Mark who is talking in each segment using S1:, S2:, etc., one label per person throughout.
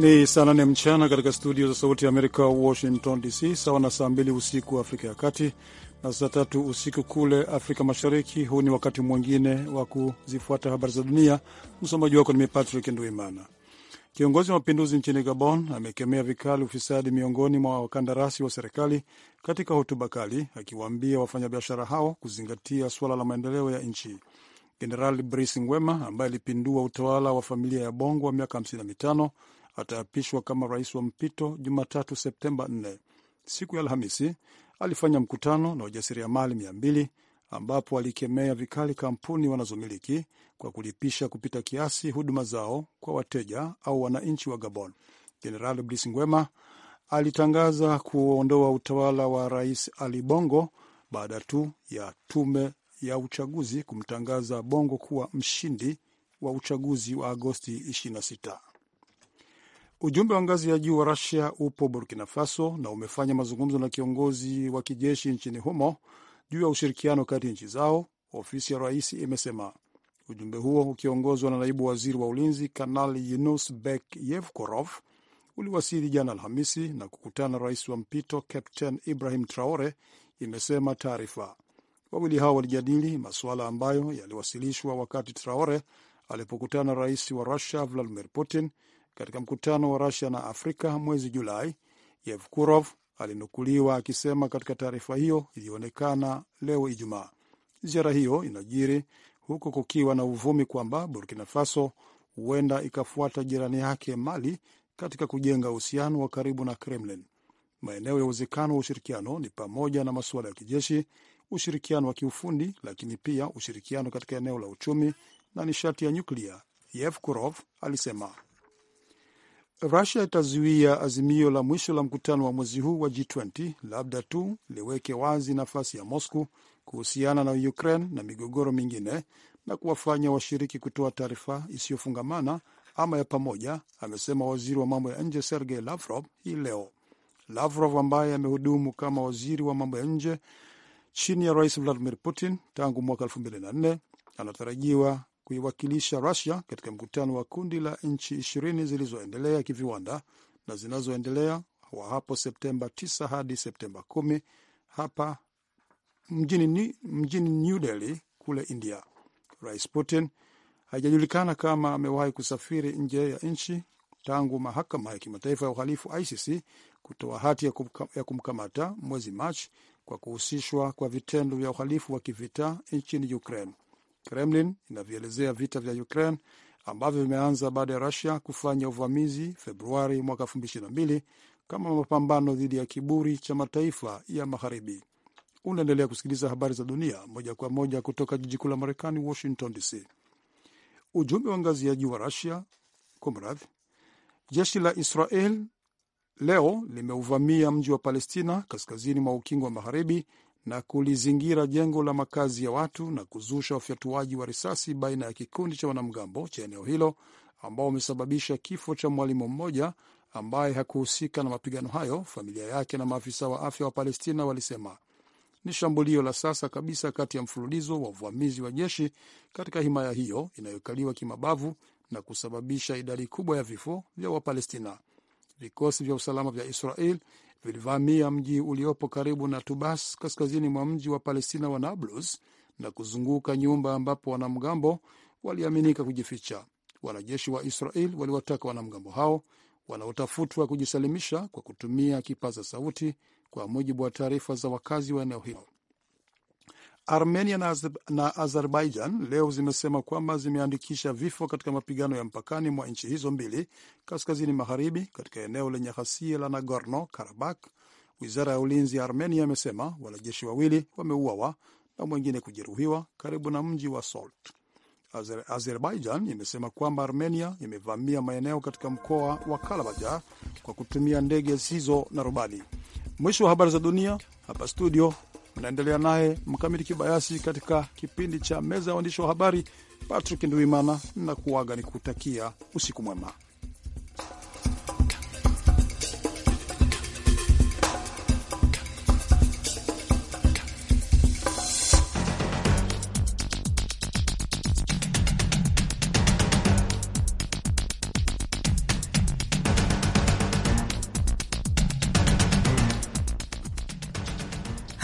S1: Ni saa nane mchana katika studio za Sauti ya Amerika, Washington DC, sawa na saa mbili usiku Afrika ya Kati na saa tatu usiku kule Afrika Mashariki. Huu ni wakati mwingine wa kuzifuata habari za dunia. Msomaji wako nimi Patrick Nduimana. Kiongozi wa mapinduzi nchini Gabon amekemea vikali ufisadi miongoni mwa wakandarasi wa serikali katika hotuba kali, akiwaambia wafanyabiashara hao kuzingatia suala la maendeleo ya nchi. General Brice Ngwema ambaye alipindua utawala wa familia ya Bongo wa miaka mitano ataapishwa kama rais wa mpito Jumatatu, Septemba 4. Siku ya Alhamisi alifanya mkutano na wajasiriamali mali mbili ambapo alikemea vikali kampuni wanazomiliki kwa kulipisha kupita kiasi huduma zao kwa wateja au wananchi wa Gabon. general Brice Ngwema alitangaza kuondoa utawala wa rais Ali Bongo baada tu ya tume ya uchaguzi kumtangaza Bongo kuwa mshindi wa uchaguzi wa Agosti 26. Ujumbe wa ngazi ya juu wa Rusia upo Burkina Faso na umefanya mazungumzo na kiongozi wa kijeshi nchini humo juu ya ushirikiano kati ya nchi zao, ofisi ya rais imesema. Ujumbe huo ukiongozwa na naibu waziri wa ulinzi Kanali Yunus Bek Yevkorov uliwasili jana Alhamisi na kukutana na rais wa mpito Captain Ibrahim Traore, imesema taarifa. Wawili hao walijadili masuala ambayo yaliwasilishwa wakati Traore alipokutana na rais wa Rusia Vladimir Putin katika mkutano wa Rusia na Afrika mwezi Julai, Yevkurov alinukuliwa akisema katika taarifa hiyo iliyoonekana leo Ijumaa. Ziara hiyo inajiri huku kukiwa na uvumi kwamba Burkina Faso huenda ikafuata jirani yake Mali katika kujenga uhusiano wa karibu na Kremlin. Maeneo ya uwezekano wa ushirikiano ni pamoja na masuala ya kijeshi, ushirikiano wa kiufundi, lakini pia ushirikiano katika eneo la uchumi na nishati ya nyuklia, Yevkurov alisema. Rusia itazuia azimio la mwisho la mkutano wa mwezi huu wa G20 labda tu liweke wazi nafasi ya Moscow kuhusiana na Ukraine na migogoro mingine na kuwafanya washiriki kutoa taarifa isiyofungamana ama ya pamoja, amesema waziri wa mambo ya nje Sergei Lavrov hii leo. Lavrov ambaye amehudumu kama waziri wa mambo ya nje chini ya rais Vladimir Putin tangu mwaka 2004 anatarajiwa kuiwakilisha Rusia katika mkutano wa kundi la nchi ishirini zilizoendelea kiviwanda na zinazoendelea wa hapo Septemba 9 hadi Septemba 10 hapa mjini, mjini New Delhi kule India. Rais Putin haijajulikana kama amewahi kusafiri nje ya nchi tangu mahakama ya kimataifa ya uhalifu ICC kutoa hati ya, kumka, ya kumkamata mwezi Machi kwa kuhusishwa kwa vitendo vya uhalifu wa kivita nchini Ukraine. Kremlin inavyoelezea vita vya Ukraine ambavyo vimeanza baada ya Rusia kufanya uvamizi Februari mwaka 2022 kama mapambano dhidi ya kiburi cha mataifa ya Magharibi. Unaendelea kusikiliza habari za dunia moja kwa moja kutoka jiji kuu la Marekani, Washington DC. Ujumbe wa ngazi ya juu wa Rusia kumradhi, jeshi la Israel leo limeuvamia mji wa Palestina kaskazini mwa ukingo wa Magharibi na kulizingira jengo la makazi ya watu na kuzusha ufyatuaji wa risasi baina ya kikundi cha wanamgambo cha eneo hilo ambao wamesababisha kifo cha mwalimu mmoja ambaye hakuhusika na mapigano hayo. Familia yake na maafisa wa afya wa Palestina walisema ni shambulio la sasa kabisa kati ya mfululizo wa uvamizi wa jeshi katika himaya hiyo inayokaliwa kimabavu na kusababisha idadi kubwa ya vifo vya Wapalestina. Vikosi vya usalama vya Israel vilivamia mji uliopo karibu na Tubas kaskazini mwa mji wa Palestina wa Nablus na kuzunguka nyumba ambapo wanamgambo waliaminika kujificha. Wanajeshi wa Israel waliwataka wanamgambo hao wanaotafutwa kujisalimisha kwa kutumia kipaza sauti, kwa mujibu wa taarifa za wakazi wa eneo hilo. Armenia na, na Azerbaijan leo zimesema kwamba zimeandikisha vifo katika mapigano ya mpakani mwa nchi hizo mbili kaskazini magharibi, katika eneo lenye ghasia la Nagorno Karabakh. Wizara ya ulinzi ya Armenia imesema wanajeshi wawili wameuawa na mwingine kujeruhiwa karibu na mji wa Salt. Azer, Azerbaijan imesema kwamba Armenia imevamia maeneo katika mkoa wa Kalabaja kwa kutumia ndege zisizo na rubani. Mwisho wa habari za dunia hapa studio. Mnaendelea naye Mkamiti Kibayasi katika kipindi cha meza ya waandishi wa habari. Patrick Nduimana na kuaga kutakia usiku mwema.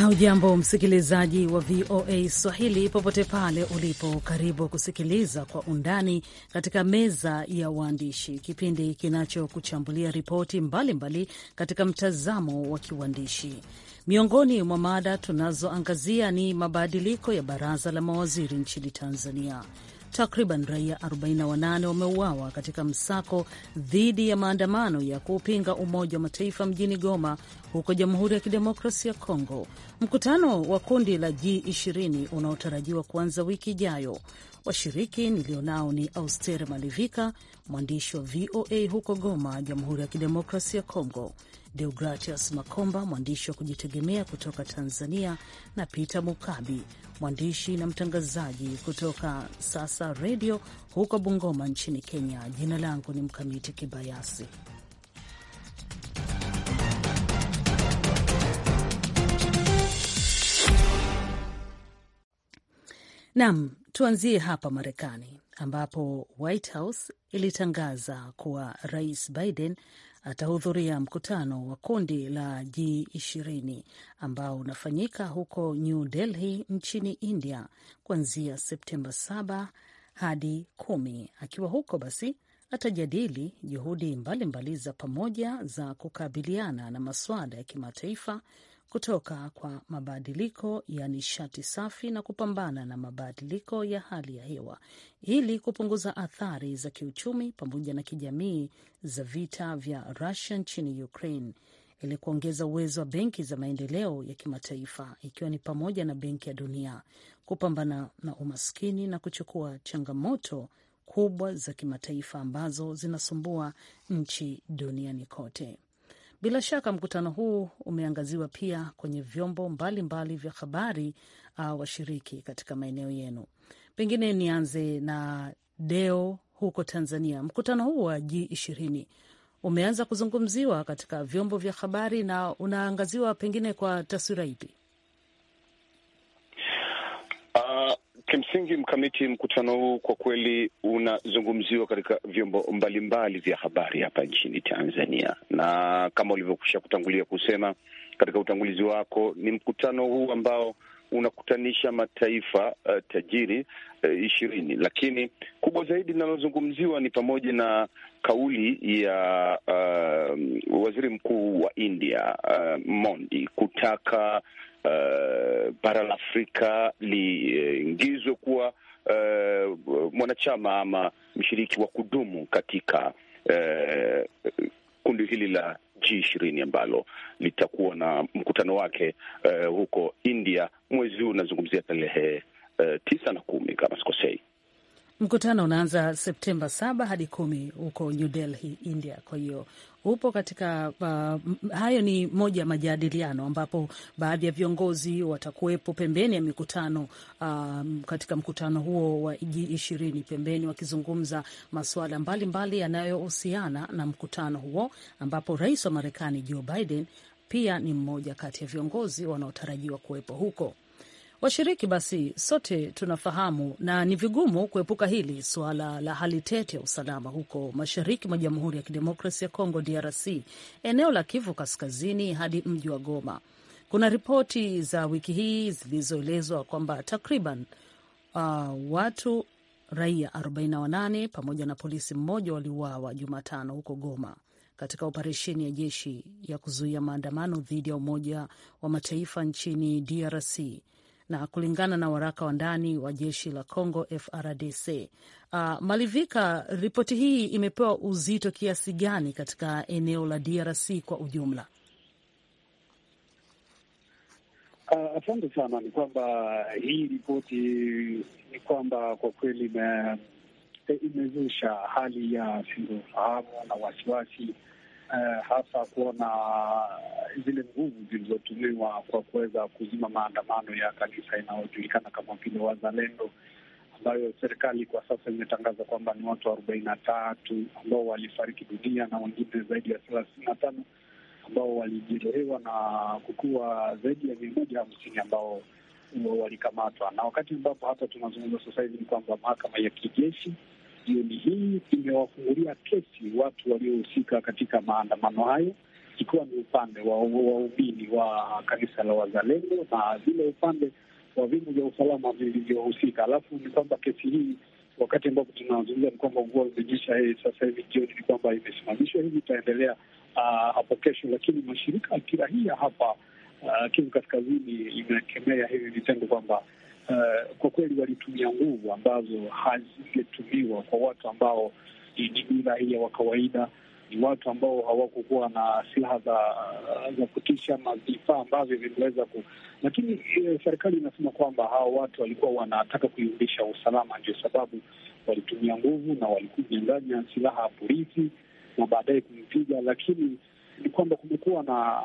S2: ujambo msikilizaji wa VOA Swahili popote pale ulipo, karibu kusikiliza kwa undani katika meza ya waandishi, kipindi kinachokuchambulia ripoti mbalimbali katika mtazamo wa kiuandishi. Miongoni mwa mada tunazoangazia ni mabadiliko ya baraza la mawaziri nchini Tanzania, Takriban raia 48 wameuawa katika msako dhidi ya maandamano ya kuupinga Umoja wa Mataifa mjini Goma, huko Jamhuri ya Kidemokrasia ya Kongo. Mkutano wa kundi la G20 unaotarajiwa kuanza wiki ijayo Washiriki nilionao ni Auster Malivika, mwandishi wa VOA huko Goma, Jamhuri ya Kidemokrasia ya Kongo, Deogratias Makomba, mwandishi wa kujitegemea kutoka Tanzania, na Peter Mukabi, mwandishi na mtangazaji kutoka Sasa Redio huko Bungoma nchini Kenya. Jina langu ni Mkamiti Kibayasi. Nam, Tuanzie hapa Marekani ambapo White House ilitangaza kuwa Rais Biden atahudhuria mkutano wa kundi la G20 ambao unafanyika huko New Delhi nchini India kuanzia Septemba 7 hadi 10. Akiwa huko basi atajadili juhudi mbalimbali za pamoja za kukabiliana na masuala ya kimataifa kutoka kwa mabadiliko ya nishati safi na kupambana na mabadiliko ya hali ya hewa ili kupunguza athari za kiuchumi pamoja na kijamii za vita vya Rusia nchini Ukraine ili kuongeza uwezo wa benki za maendeleo ya kimataifa ikiwa ni pamoja na Benki ya Dunia kupambana na umaskini na kuchukua changamoto kubwa za kimataifa ambazo zinasumbua nchi duniani kote. Bila shaka mkutano huu umeangaziwa pia kwenye vyombo mbalimbali vya habari, uh, washiriki katika maeneo yenu. Pengine nianze na Deo huko Tanzania. Mkutano huu wa g ishirini umeanza kuzungumziwa katika vyombo vya habari na unaangaziwa pengine kwa taswira ipi?
S3: Uh, Kimsingi mkamiti, mkutano huu kwa kweli unazungumziwa katika vyombo mbalimbali vya habari hapa nchini Tanzania, na kama ulivyokwisha kutangulia kusema katika utangulizi wako, ni mkutano huu ambao unakutanisha mataifa uh, tajiri eh, ishirini lakini kubwa zaidi linalozungumziwa ni pamoja na kauli ya uh, waziri mkuu wa India uh, Modi kutaka Eh, bara la Afrika liingizwe uh, kuwa uh, mwanachama ama mshiriki wa kudumu katika uh, kundi hili la G ishirini ambalo litakuwa na mkutano wake uh, huko India mwezi huu, unazungumzia tarehe uh, tisa na kumi kama sikosei.
S2: Mkutano unaanza Septemba saba hadi kumi huko New Delhi, India. Kwa hiyo upo katika uh, hayo ni moja ya majadiliano ambapo baadhi ya viongozi watakuwepo pembeni ya mikutano um, katika mkutano huo wa ji ishirini pembeni wakizungumza masuala mbalimbali yanayohusiana na mkutano huo, ambapo rais wa Marekani Joe Biden pia ni mmoja kati ya viongozi wanaotarajiwa kuwepo huko. Washiriki basi, sote tunafahamu na ni vigumu kuepuka hili suala la hali tete ya usalama huko mashariki mwa Jamhuri ya Kidemokrasi ya Kongo, DRC, eneo la Kivu Kaskazini hadi mji wa Goma. Kuna ripoti za wiki hii zilizoelezwa kwamba takriban uh, watu raia 48 pamoja na polisi mmoja waliuawa Jumatano huko Goma katika operesheni ya jeshi ya kuzuia maandamano dhidi ya Umoja wa Mataifa nchini DRC na kulingana na waraka wa ndani wa jeshi la Congo FRDC. Uh, ah, Malivika, ripoti hii imepewa uzito kiasi gani katika eneo la DRC kwa ujumla?
S4: Uh, asante sana. Ni kwamba hii ripoti ni kwamba kwa kweli ime, imezusha hali ya sintofahamu na wasiwasi eh, hasa kuona eh, zile nguvu zilizotumiwa kwa kuweza kuzima maandamano ya kanisa inayojulikana kama vile Wazalendo, ambayo serikali kwa sasa imetangaza kwamba ni watu arobaini na tatu ambao walifariki dunia na wengine zaidi ya thelathini na tano ambao walijeruhiwa na kukuwa zaidi ya mia moja hamsini ambao walikamatwa. Na wakati ambapo hata tunazungumza sasa hivi ni kwamba mahakama ya kijeshi jioni hii kimewafungulia kesi watu waliohusika katika maandamano hayo, ikiwa ni upande wa waumini wa kanisa la Wazalendo na vile upande wa vyombo vya usalama vilivyohusika. Alafu ni kwamba kesi hii wakati ambapo tunazungumza ni kwamba mvua imenyesha hii eh, sasa hivi jioni, ni kwamba imesimamishwa hivi, itaendelea ah, hapo uh, kesho. Lakini mashirika ya kiraia hapa uh, Kivu Kaskazini imekemea hivi vitendo kwamba uh, kwa kweli walitumia nguvu ambazo hazingetumiwa kwa watu ambao ni bila hii wa kawaida, ni watu ambao hawakukuwa na silaha za za kutisha ama vifaa ambavyo viliweza ku, lakini e, serikali inasema kwamba hawa watu walikuwa wanataka kuiundisha usalama, ndio sababu walitumia nguvu na walikunyang'anya silaha polisi na baadaye kumpiga, lakini ni kwamba kumekuwa na,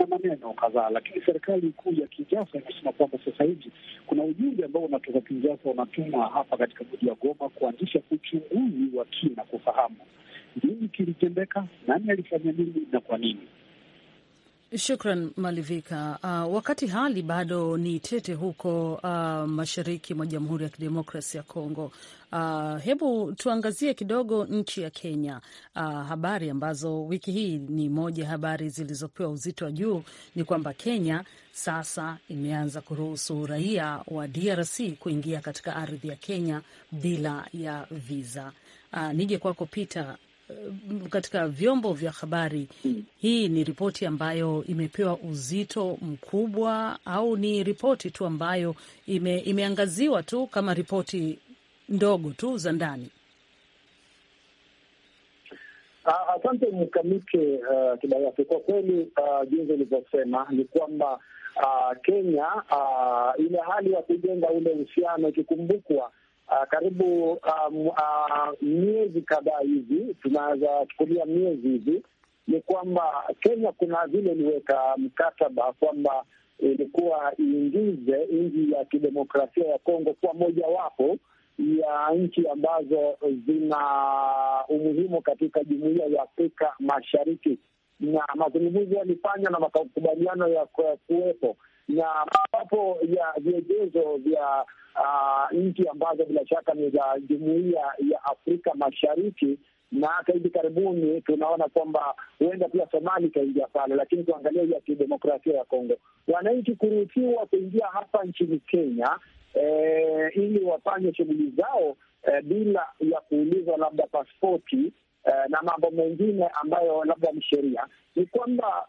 S4: na maneno kadhaa, lakini serikali kuu ya Kinjasa imesema kwamba sasa hivi kuna ujumbe ambao unatoka Kinjasa unatuma hapa katika mji wa Goma kuanzisha uchunguzi wa kina kufahamu nini kilitendeka, nani alifanya nini na kwa nini.
S2: Shukran Malivika. Uh, wakati hali bado ni tete huko uh, mashariki mwa Jamhuri ya Kidemokrasi ya Kongo. Uh, hebu tuangazie kidogo nchi ya Kenya. Uh, habari ambazo wiki hii ni moja habari zilizopewa uzito wa juu ni kwamba Kenya sasa imeanza kuruhusu raia wa DRC kuingia katika ardhi ya Kenya bila ya viza Uh, nije kwako Peter, Eh, katika vyombo vya habari. Hmm. Hii ni ripoti ambayo imepewa uzito mkubwa au ni ripoti tu ambayo ime, imeangaziwa tu kama ripoti ndogo tu za ndani?
S4: Ah, asante Mkamike uh, Kibayasi. Kwa kweli uh, jinsi ulivyosema ni kwamba uh, Kenya uh, ile hali ya kujenga ule uhusiano ikikumbukwa Uh, karibu um, uh, miezi kadhaa hivi tunaweza chukulia miezi hivi, ni kwamba Kenya kuna vile iliweka mkataba kwamba ilikuwa iingize nchi ya kidemokrasia ya Kongo kuwa mojawapo ya nchi ambazo zina umuhimu katika jumuiya ya Afrika Mashariki, na mazungumzo yalifanywa na makubaliano ya kuwepo na mojawapo ya viegezo vya uh, nchi ambazo bila shaka ni za jumuiya ya Afrika Mashariki na hata hivi karibuni tunaona kwamba huenda pia Somali ikaingia pale, lakini hiyo ya kidemokrasia ya Kongo, wananchi kuruhusiwa kuingia hapa nchini Kenya e, ili wafanye shughuli zao e, bila ya kuulizwa labda paspoti e, eh, na mambo mengine ambayo labda ni sheria. Ni kwamba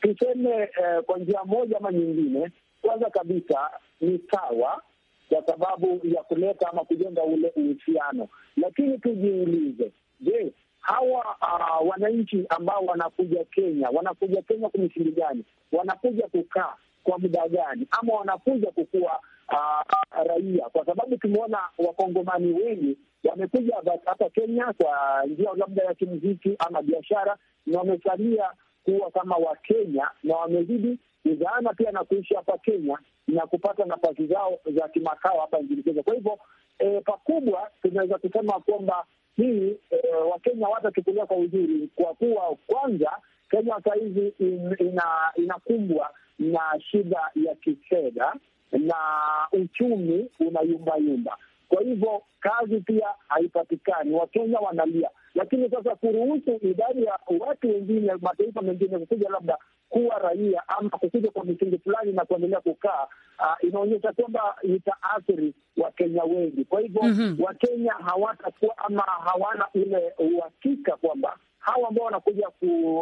S4: tuseme eh, kwa njia moja ama nyingine, kwanza kabisa ni sawa kwa sababu ya kuleta ama kujenga ule uhusiano, lakini tujiulize, je, hawa uh, wananchi ambao wanakuja Kenya wanakuja Kenya kwa misingi gani? Wanakuja kukaa kwa muda gani? Ama wanakuja kukuwa uh, ah, raia? Kwa sababu tumeona wakongomani wengi wamekuja hapa Kenya kwa njia labda ya kimziki ama biashara, na wamesalia kuwa kama Wakenya na wamezidi kuzaana pia na kuishi hapa Kenya na kupata nafasi zao za kimakao hapa nchini Kenya. Kwa hivyo e, pakubwa tunaweza kusema kwamba hii e, eh, Wakenya watachukulia kwa uzuri, kwa kuwa kwanza Kenya sahizi hizi in, ina, inakumbwa na shida ya kifedha na uchumi unayumbayumba. Kwa hivyo kazi pia haipatikani, Wakenya wanalia lakini sasa kuruhusu idadi ya watu wengine, mataifa mengine kukuja labda kuwa raia ama kukuja kwa misingi fulani na kuendelea kukaa, uh, inaonyesha kwamba itaathiri Wakenya wengi. Kwa hivyo mm -hmm. Wakenya hawatakuwa ama hawana ule uhakika kwamba hawa ambao wanakuja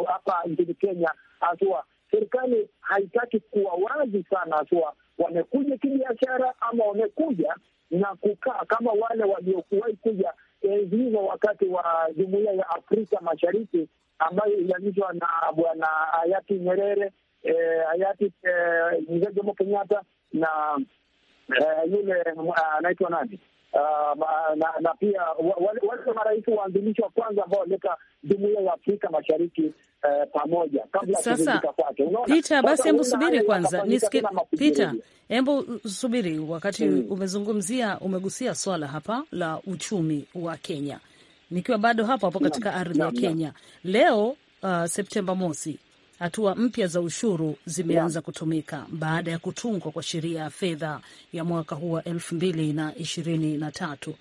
S4: hapa nchini Kenya haswa serikali haitaki kuwa wazi sana, haswa wamekuja kibiashara ama wamekuja na kukaa kama wale waliokuwahi kuja hizo wakati wa jumuiya ya Afrika Mashariki ambayo ilianzishwa na bwana hayati Nyerere, eh, hayati eh, Mzee Jomo Kenyatta na eh, yule anaitwa nani Ah, na, na pia wale wa, marais waanzilishi wa kwanza ambao walileta jumuiya ya Afrika Mashariki uh, pamoja kabla sasa kwake. Peter, basi hebu subiri kwanza nisike. Peter,
S2: hebu subiri wakati hmm, umezungumzia umegusia swala hapa la uchumi wa Kenya, nikiwa bado hapo hapo katika ardhi ya Kenya leo uh, ah, Septemba mosi hatua mpya za ushuru zimeanza kutumika baada ya kutungwa kwa sheria ya fedha ya mwaka huu wa elfu mbili na ishirini na tatu.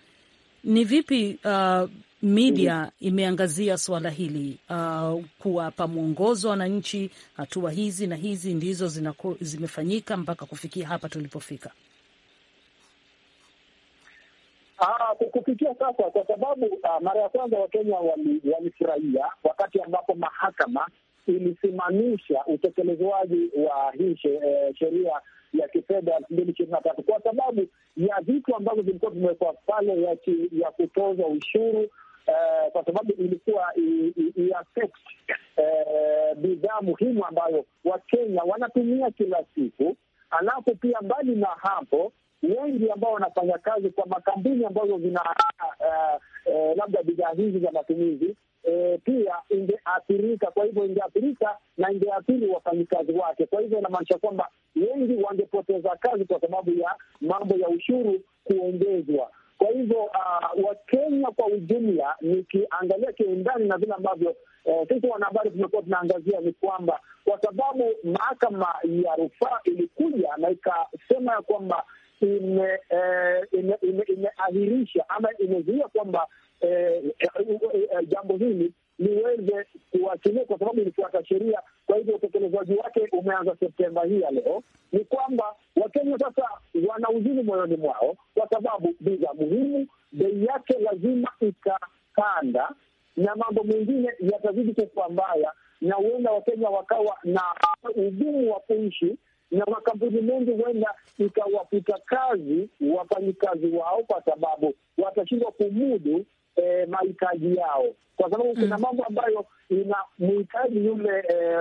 S2: Ni vipi uh, media mm-hmm. imeangazia suala hili uh, kuwapa mwongozo wananchi, hatua hizi na hizi ndizo zinako, zimefanyika mpaka kufikia hapa tulipofika?
S4: Ah, kufikia sasa, kwa sababu ah, mara ya kwanza Wakenya walifurahia wali wakati ambapo mahakama ilisimamisha utekelezwaji wa hii eh, sheria ya kifedha elfu mbili ishirini na tatu kwa sababu ya vitu ambavyo vilikuwa vimewekwa pale ya, ya kutoza ushuru Uh, kwa sababu ilikuwa iaffect uh, eh, bidhaa muhimu ambayo Wakenya wanatumia kila siku. Alafu pia mbali na hapo, wengi ambao wanafanya kazi kwa makampuni ambazo zina uh, uh, labda bidhaa hizi za matumizi e, pia ingeathirika. Kwa hivyo ingeathirika na ingeathiri wafanyikazi wake. Kwa hivyo inamaanisha kwamba wengi wangepoteza kazi kwa sababu ya mambo ya ushuru kuongezwa. Kwa hivyo uh, Wakenya kwa ujumla, nikiangalia kiundani na vile ambavyo e, sisi wanahabari tumekuwa tunaangazia, ni kwamba kwa sababu mahakama ya rufaa ilikuja na ikasema ya kwamba imeahirisha e, ime, ime, ime ama imezuia kwamba Eh, eh, jambo hili liweze kuwasilia, kwa sababu ilifuata sheria. Kwa hivyo utekelezaji wake umeanza Septemba hii ya leo. Ni kwamba Wakenya sasa wana uzuni moyoni mwao, kwa sababu bidhaa muhimu bei yake lazima ikapanda, na mambo mengine yatazidi kukuwa mbaya, na huenda Wakenya wakawa na ugumu wa kuishi na makampuni mengi huenda ikawafuta kazi wafanyikazi wao, kwa sababu watashindwa kumudu eh, mahitaji yao, kwa sababu kuna mm. mambo ambayo ina mhitaji yule eh,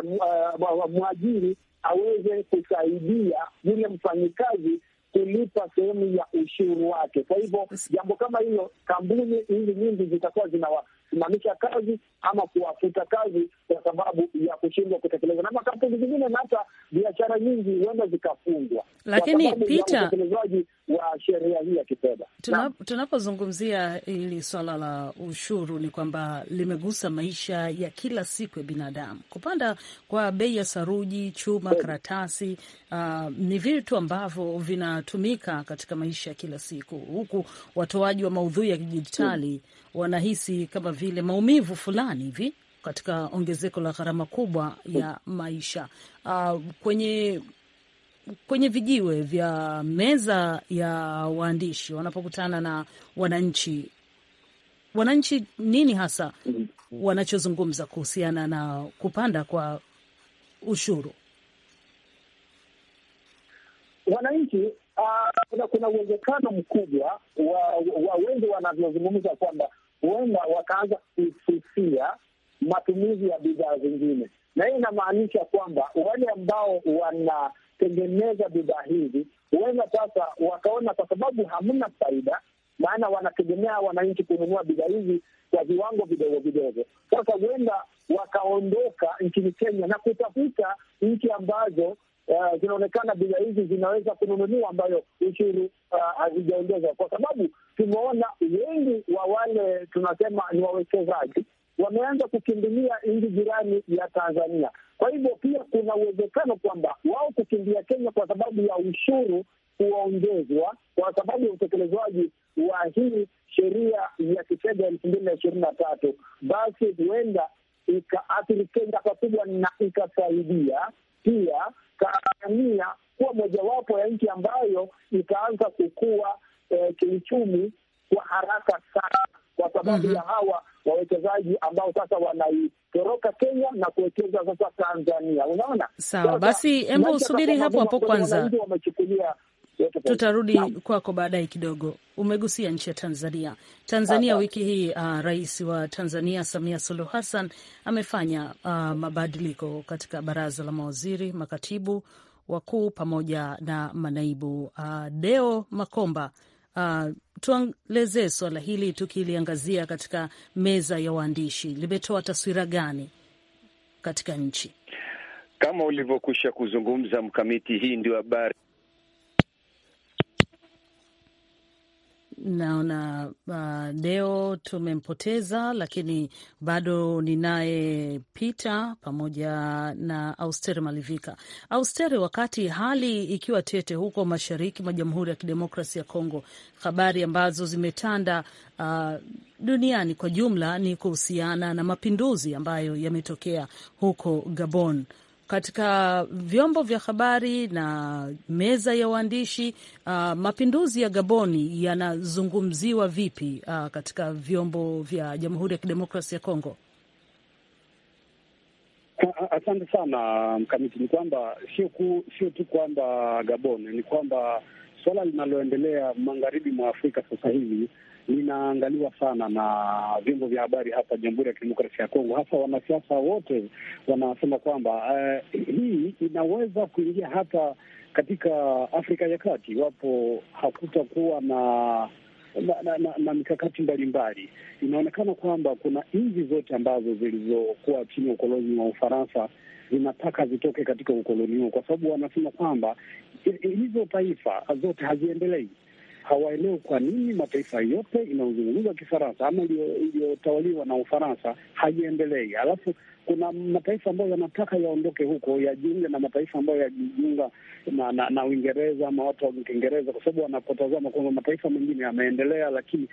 S4: mwajiri aweze kusaidia yule mfanyikazi kulipa sehemu ya ushuru wake. Kwa hivyo jambo kama hilo, kampuni hizi nyingi zitakuwa zinawa kusimamisha kazi ama kuwafuta kazi kwa sababu ya kushindwa kutekeleza, na makampuni zingine na hata biashara nyingi huenda zikafungwa lakini pita utekelezaji wa sheria hii ya kifedha.
S2: Tunapozungumzia hili swala la ushuru, ni kwamba limegusa maisha ya kila siku ya binadamu. Kupanda kwa bei ya saruji, chuma, karatasi uh, ni vitu ambavyo vinatumika katika maisha ya kila siku, huku watoaji wa maudhui ya kidijitali hmm wanahisi kama vile maumivu fulani hivi katika ongezeko la gharama kubwa ya maisha. Uh, kwenye kwenye vijiwe vya meza ya waandishi wanapokutana na wananchi, wananchi nini hasa wanachozungumza kuhusiana na kupanda kwa ushuru?
S4: Wananchi uh, kuna uwezekano mkubwa wa, wa wengi wanavyozungumza kwamba huenda wakaanza kususia matumizi ya bidhaa zingine, na hiyo inamaanisha kwamba wale ambao wanatengeneza bidhaa hizi huenda sasa wakaona, kwa sababu hamna faida, maana wanategemea wananchi kununua bidhaa hizi kwa viwango vidogo vidogo. Sasa huenda wakaondoka nchini Kenya na kutafuta nchi ambazo uh, zinaonekana bidhaa hizi zinaweza kununuliwa, ambayo ushuru eh, hazijaongezwa uh, kwa sababu tumeona wengi wa wale tunasema ni wawekezaji wameanza kukimbilia nchi jirani ya Tanzania. Kwa hivyo pia kuna uwezekano kwamba wao kukimbia Kenya kwa sababu ya ushuru kuongezwa kwa sababu ya utekelezaji wa hii sheria ya kifedha elfu mbili na ishirini na tatu, basi huenda ikaathiri Kenya pakubwa na ikasaidia pia Tanzania kuwa mojawapo ya nchi ambayo itaanza kukua eh, kiuchumi kwa haraka sana kwa sababu mm -hmm. ya mhm. hawa wawekezaji ambao sasa wanaitoroka Kenya na kuwekeza sasa Tanzania. Unaona, sawa. Basi hebu usubiri hapo hapo kwanza, wamechukulia
S2: tutarudi kwako baadaye kidogo. Umegusia nchi ya Tanzania. Tanzania wiki hii uh, rais wa Tanzania Samia Suluhu Hassan amefanya uh, mabadiliko katika baraza la mawaziri, makatibu wakuu pamoja na manaibu. Uh, Deo Makomba, uh, ah, tuelezee suala hili tukiliangazia katika meza ya waandishi, limetoa taswira gani katika nchi?
S3: Kama ulivyokwisha kuzungumza Mkamiti, hii ndio habari
S2: naona uh, leo tumempoteza, lakini bado ninaye Peter pamoja na Austeri Malivika. Austeri, wakati hali ikiwa tete huko mashariki mwa Jamhuri ya Kidemokrasi ya Kongo, habari ambazo zimetanda uh, duniani kwa jumla ni kuhusiana na mapinduzi ambayo yametokea huko Gabon katika vyombo vya habari na meza ya waandishi uh, mapinduzi ya Gaboni yanazungumziwa vipi uh, katika vyombo vya Jamhuri ya Kidemokrasi ya Kongo?
S4: Asante sana Mkamiti. Ni kwamba sio tu kwamba gaboni ni kwamba suala linaloendelea magharibi mwa Afrika sasa hivi linaangaliwa sana na vyombo vya habari hapa Jamhuri ya Kidemokrasia ya Kongo, hasa wanasiasa wote wanasema kwamba uh, hii inaweza kuingia hata katika Afrika ya Kati iwapo hakutakuwa na na, na, na, na mikakati mbalimbali. Inaonekana kwamba kuna nchi zote ambazo zilizokuwa chini ya ukoloni wa Ufaransa zinataka zitoke katika ukoloni huo, kwa sababu wanasema kwamba eh, hizo taifa zote haziendelei hawaelewi kwa nini mataifa yote inayozungumza Kifaransa ama iliyotawaliwa na Ufaransa haiendelei. Alafu kuna mataifa ambayo yanataka yaondoke huko yajiunge na mataifa ambayo yajiunga na, na, na Uingereza ama watu wa Kiingereza, kwa sababu wanapotazama kwamba mataifa mengine yameendelea, lakini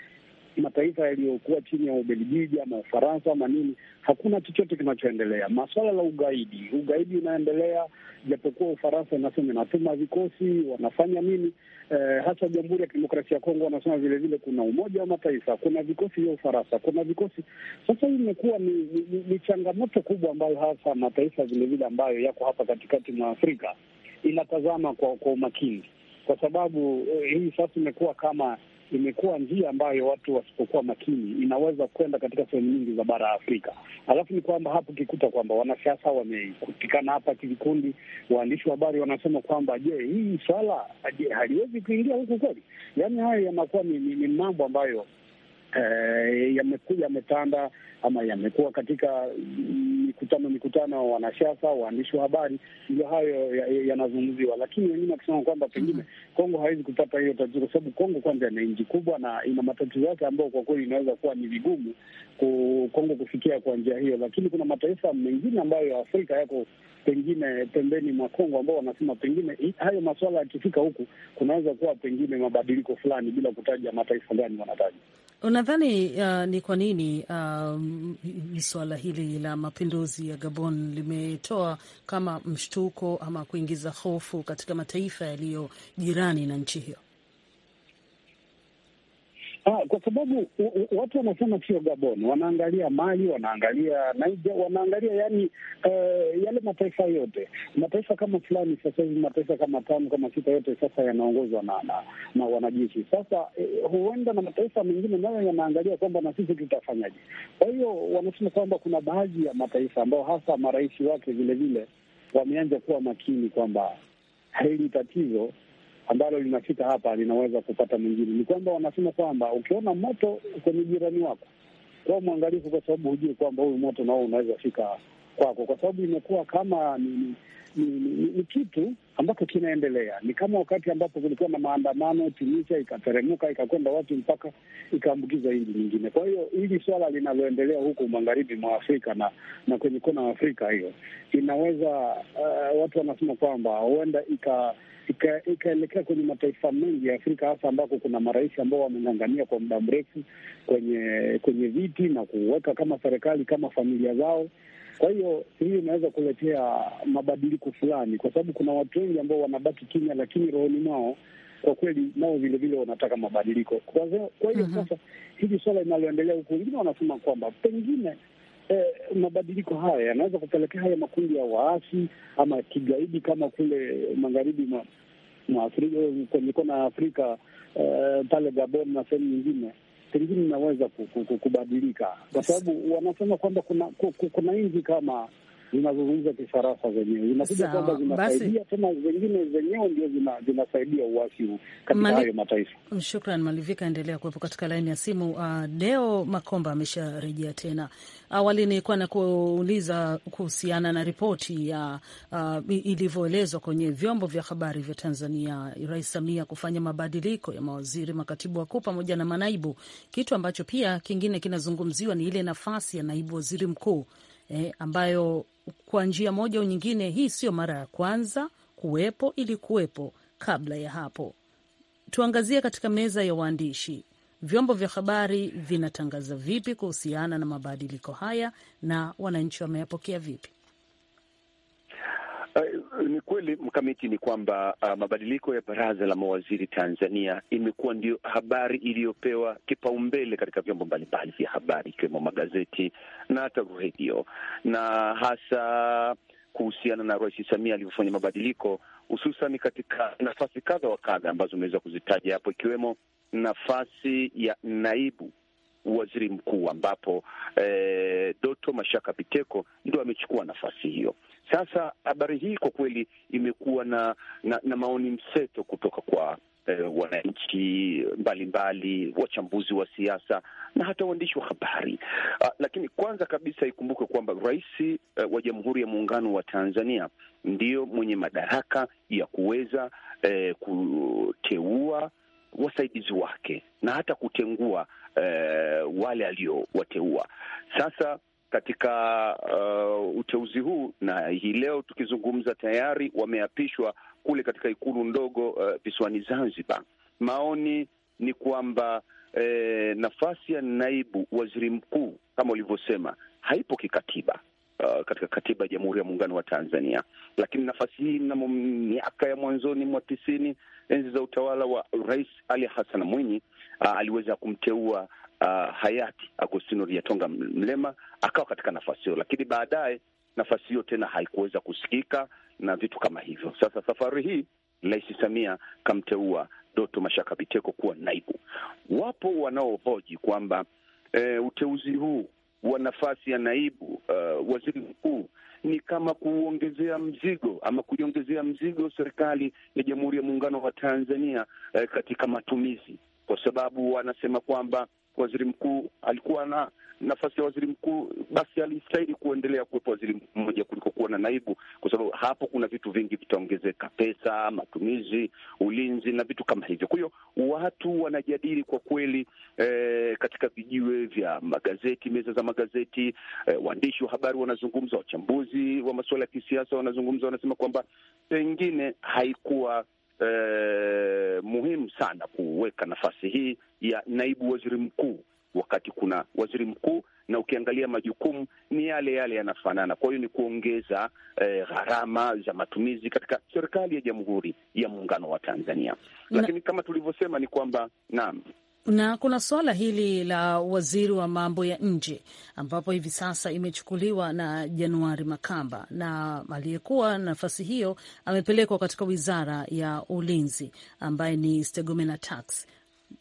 S4: mataifa yaliyokuwa chini ya Ubelgiji ama Ufaransa ama nini, hakuna chochote kinachoendelea. Maswala la ugaidi, ugaidi unaendelea japokuwa Ufaransa inasema inatuma vikosi, wanafanya nini eh, hasa Jamhuri ya Kidemokrasia ya Kongo wanasema vilevile kuna Umoja wa Mataifa, kuna vikosi vya Ufaransa, kuna vikosi sasa. Hii imekuwa ni, ni, ni changamoto kubwa ambayo hasa mataifa vilevile ambayo yako hapa katikati mwa Afrika inatazama kwa, kwa umakini kwa sababu eh, hii sasa imekuwa kama imekuwa njia ambayo watu wasipokuwa makini inaweza kwenda katika sehemu nyingi za bara ya Afrika. Alafu ni kwamba hapo ukikuta kwamba wanasiasa wamekutikana hapa kivikundi, waandishi wa habari wanasema kwamba je, hii swala haliwezi kuingia huku kweli? Yaani hayo yanakuwa ni, ni, ni mambo ambayo yamekuja eh, yamekuwa yametanda ama yamekuwa katika mikutano mikutano wa wanasiasa, waandishi wa habari, ndio hayo yanazungumziwa ya, ya, lakini wengine wakisema kwamba pengine mm-hmm. Kongo hawezi kupata hiyo tatizo, kwa sababu Kongo kwanza ni nchi kubwa na ina matatizo yake ambayo kwa kweli inaweza kuwa ni vigumu Kongo kufikia kwa njia hiyo, lakini kuna mataifa mengine ambayo ya Afrika yako pengine pembeni mwa Kongo ambao wanasema pengine hayo masuala yakifika huku kunaweza kuwa pengine mabadiliko fulani, bila kutaja mataifa gani wanataja.
S2: Unadhani uh, ni kwa nini uh, um, suala hili la mapinduzi ya Gabon limetoa kama mshtuko ama kuingiza hofu katika mataifa yaliyo jirani na nchi hiyo?
S4: Ha, ah, kwa sababu watu wanasema sio Gabon, wanaangalia Mali, wanaangalia Niger, wanaangalia yani uh, yale mataifa yote, mataifa kama fulani. Sasa hivi mataifa kama tano kama sita yote sasa yanaongozwa na, na, na wanajeshi. Sasa eh, huenda na mataifa mengine nayo yanaangalia kwamba na sisi tutafanyaje. Kwa hiyo wanasema kwamba kuna baadhi ya mataifa ambayo hasa marais wake vilevile wameanza kuwa makini kwamba hili tatizo ambalo linafika hapa linaweza kupata mwingine. Ni kwamba wanasema kwamba ukiona moto kwenye jirani wako, kwa mwangalifu, kwa sababu hujui kwamba huyu moto nao unaweza fika kwako, kwa sababu imekuwa kama ni, ni, ni, ni kitu ambacho kinaendelea. Ni kama wakati ambapo kulikuwa na maandamano Tunisia, ikateremuka ikakwenda watu mpaka ikaambukiza nchi nyingine. Kwa hiyo hili swala linaloendelea huku magharibi mwa Afrika na na kwenye kona ya Afrika hiyo inaweza uh, watu wanasema kwamba huenda ika ikaelekea kwenye mataifa mengi ya Afrika hasa ambako kuna marais ambao wameng'ang'ania kwa muda mrefu kwenye kwenye viti na kuweka kama serikali kama familia zao. Kwa hiyo hii inaweza kuletea mabadiliko fulani, kwa sababu kuna watu wengi ambao wanabaki kimya, lakini rohoni mwao kwa kweli nao vilevile wanataka mabadiliko. Kwa hiyo mhm. sasa, hili swala linaloendelea huku, wengine wanasema kwamba pengine eh, mabadiliko haya yanaweza kupelekea haya makundi ya waasi ama kigaidi kama kule magharibi mwa kwenye kona ya Afrika eh, pale Gabon na sehemu nyingine pengine inaweza kubadilika, kwa sababu wanasema kwamba kuna, kuna nchi kama zinazozungumza Kifaransa zenyewe zinakuja kwamba zinasaidia tena, zingine zenyewe ndio zinasaidia uasi huu katika hayo mataifa.
S2: Shukran Malivika, endelea kuwepo katika laini ya simu. Uh, Deo Makomba amesharejea tena. Awali nilikuwa na kuuliza kuhusiana na ripoti ya uh, ilivyoelezwa kwenye vyombo vya habari vya Tanzania, Rais Samia kufanya mabadiliko ya mawaziri, makatibu wakuu pamoja na manaibu, kitu ambacho pia kingine kinazungumziwa ni ile nafasi ya naibu waziri mkuu eh, ambayo kwa njia moja au nyingine hii sio mara ya kwanza kuwepo, ili kuwepo kabla ya hapo. Tuangazie katika meza ya waandishi, vyombo vya habari vinatangaza vipi kuhusiana na mabadiliko haya na wananchi wameyapokea vipi?
S3: Eh, ni kweli mkamiti, ni kwamba uh, mabadiliko ya baraza la mawaziri Tanzania imekuwa ndio habari iliyopewa kipaumbele katika vyombo mbalimbali vya habari ikiwemo magazeti na hata redio na hasa kuhusiana na Rais Samia alivyofanya mabadiliko hususan katika nafasi kadha wa kadha ambazo umeweza kuzitaja hapo ikiwemo nafasi ya naibu waziri mkuu ambapo eh, Doto Mashaka Biteko ndo amechukua nafasi hiyo. Sasa habari hii kwa kweli imekuwa na, na, na maoni mseto kutoka kwa eh, wananchi mbalimbali, wachambuzi wa siasa na hata waandishi wa habari ah, lakini kwanza kabisa ikumbuke kwamba rais eh, wa Jamhuri ya Muungano wa Tanzania ndiyo mwenye madaraka ya kuweza eh, kuteua wasaidizi wake na hata kutengua eh, wale aliowateua. Sasa katika uh, uteuzi huu, na hii leo tukizungumza tayari wameapishwa kule katika ikulu ndogo uh, visiwani uh, Zanzibar. Maoni ni kwamba eh, nafasi ya naibu waziri mkuu kama ulivyosema haipo kikatiba uh, katika katiba ya Jamhuri ya Muungano wa Tanzania, lakini nafasi hii mnamo miaka ya mwanzoni mwa tisini, enzi za utawala wa Rais Ali Hassan Mwinyi uh, aliweza kumteua uh, hayati Agostino Ryatonga Mlema akawa katika nafasi hiyo, lakini baadaye nafasi hiyo tena haikuweza kusikika na vitu kama hivyo. Sasa safari hii Rais Samia kamteua Doto Mashaka Biteko kuwa naibu. Wapo wanaohoji kwamba e, uteuzi huu wa nafasi ya naibu uh, waziri mkuu ni kama kuongezea mzigo ama kuiongezea mzigo serikali ya Jamhuri ya Muungano wa Tanzania uh, katika matumizi, kwa sababu wanasema kwamba waziri mkuu alikuwa na nafasi ya waziri mkuu, basi alistahili kuendelea kuwepo waziri mkuu mmoja kuliko kuwa na naibu, kwa sababu hapo kuna vitu vingi vitaongezeka: pesa, matumizi, ulinzi na vitu kama hivyo. Kwa hiyo watu wanajadili kwa kweli eh, katika vijiwe vya magazeti, meza za magazeti, eh, waandishi wa habari wanazungumza, wachambuzi wa masuala ya kisiasa wanazungumza, wanasema kwamba pengine haikuwa eh, muhimu sana kuweka nafasi hii ya naibu waziri mkuu wakati kuna waziri mkuu na ukiangalia majukumu ni yale yale yanafanana. Kwa hiyo ni kuongeza eh, gharama za matumizi katika serikali ya Jamhuri ya Muungano wa Tanzania, lakini na, kama tulivyosema ni kwamba naam,
S2: na kuna suala hili la waziri wa mambo ya nje ambapo hivi sasa imechukuliwa na Januari Makamba, na aliyekuwa nafasi hiyo amepelekwa katika wizara ya ulinzi ambaye ni Stegomena Tax.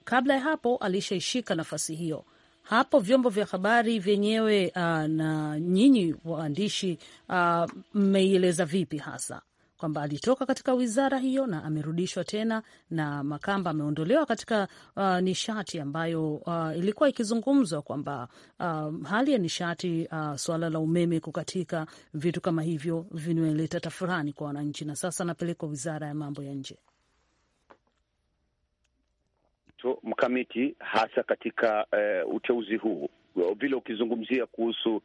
S2: Kabla ya hapo alishaishika nafasi hiyo hapo vyombo vya habari vyenyewe uh, na nyinyi waandishi uh, mmeieleza uh, vipi hasa kwamba alitoka katika wizara hiyo na amerudishwa tena, na Makamba ameondolewa katika uh, nishati ambayo uh, ilikuwa ikizungumzwa kwamba uh, hali ya nishati uh, suala la umeme kukatika, vitu kama hivyo vinaleta tafurani kwa wananchi, na sasa anapelekwa wizara ya mambo ya nje
S3: So, mkamiti hasa katika uh, uteuzi huu vile ukizungumzia kuhusu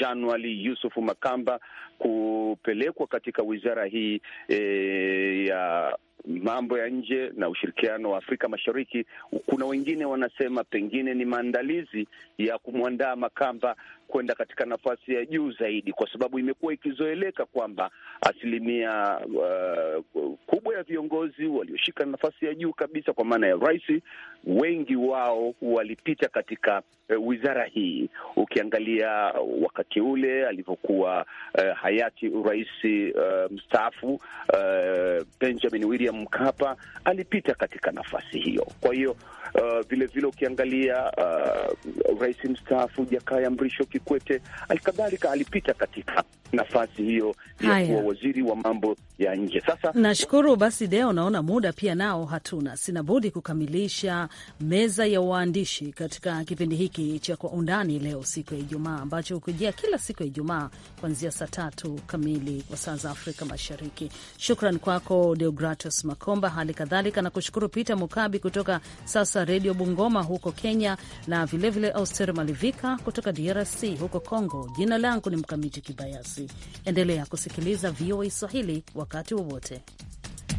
S3: januali Yusufu Makamba kupelekwa katika wizara hii e, ya mambo ya nje na ushirikiano wa Afrika Mashariki. Kuna wengine wanasema pengine ni maandalizi ya kumwandaa Makamba kwenda katika nafasi ya juu zaidi, kwa sababu imekuwa ikizoeleka kwamba asilimia uh, kubwa ya viongozi walioshika nafasi ya juu kabisa, kwa maana ya rais, wengi wao walipita katika uh, wizara hii. Ukiangalia wakati ule alivyokuwa uh, hayati urais uh, mstaafu uh, Benjamin William Mkapa alipita katika nafasi hiyo. Kwa hiyo vilevile eh, uh, vile ukiangalia uh, rais mstaafu Jakaya Mrisho Kikwete alikadhalika alipita katika nafasi hiyo ya kuwa waziri wa mambo ya nje. Sasa
S2: nashukuru basi, Deo, naona muda pia nao hatuna, sina budi kukamilisha meza ya waandishi katika kipindi hiki cha Kwa Undani leo siku ya Ijumaa ambacho hukujia kila siku ya Ijumaa kuanzia saa tatu tatu kamili kwa saa za Afrika Mashariki. Shukran kwako Deogratus Makomba, hali kadhalika na kushukuru Peter Mukabi kutoka sasa Redio Bungoma huko Kenya, na vilevile Auster Malivika kutoka DRC huko Congo. Jina langu ni Mkamiti Kibayasi. Endelea kusikiliza VOA Swahili wakati wowote.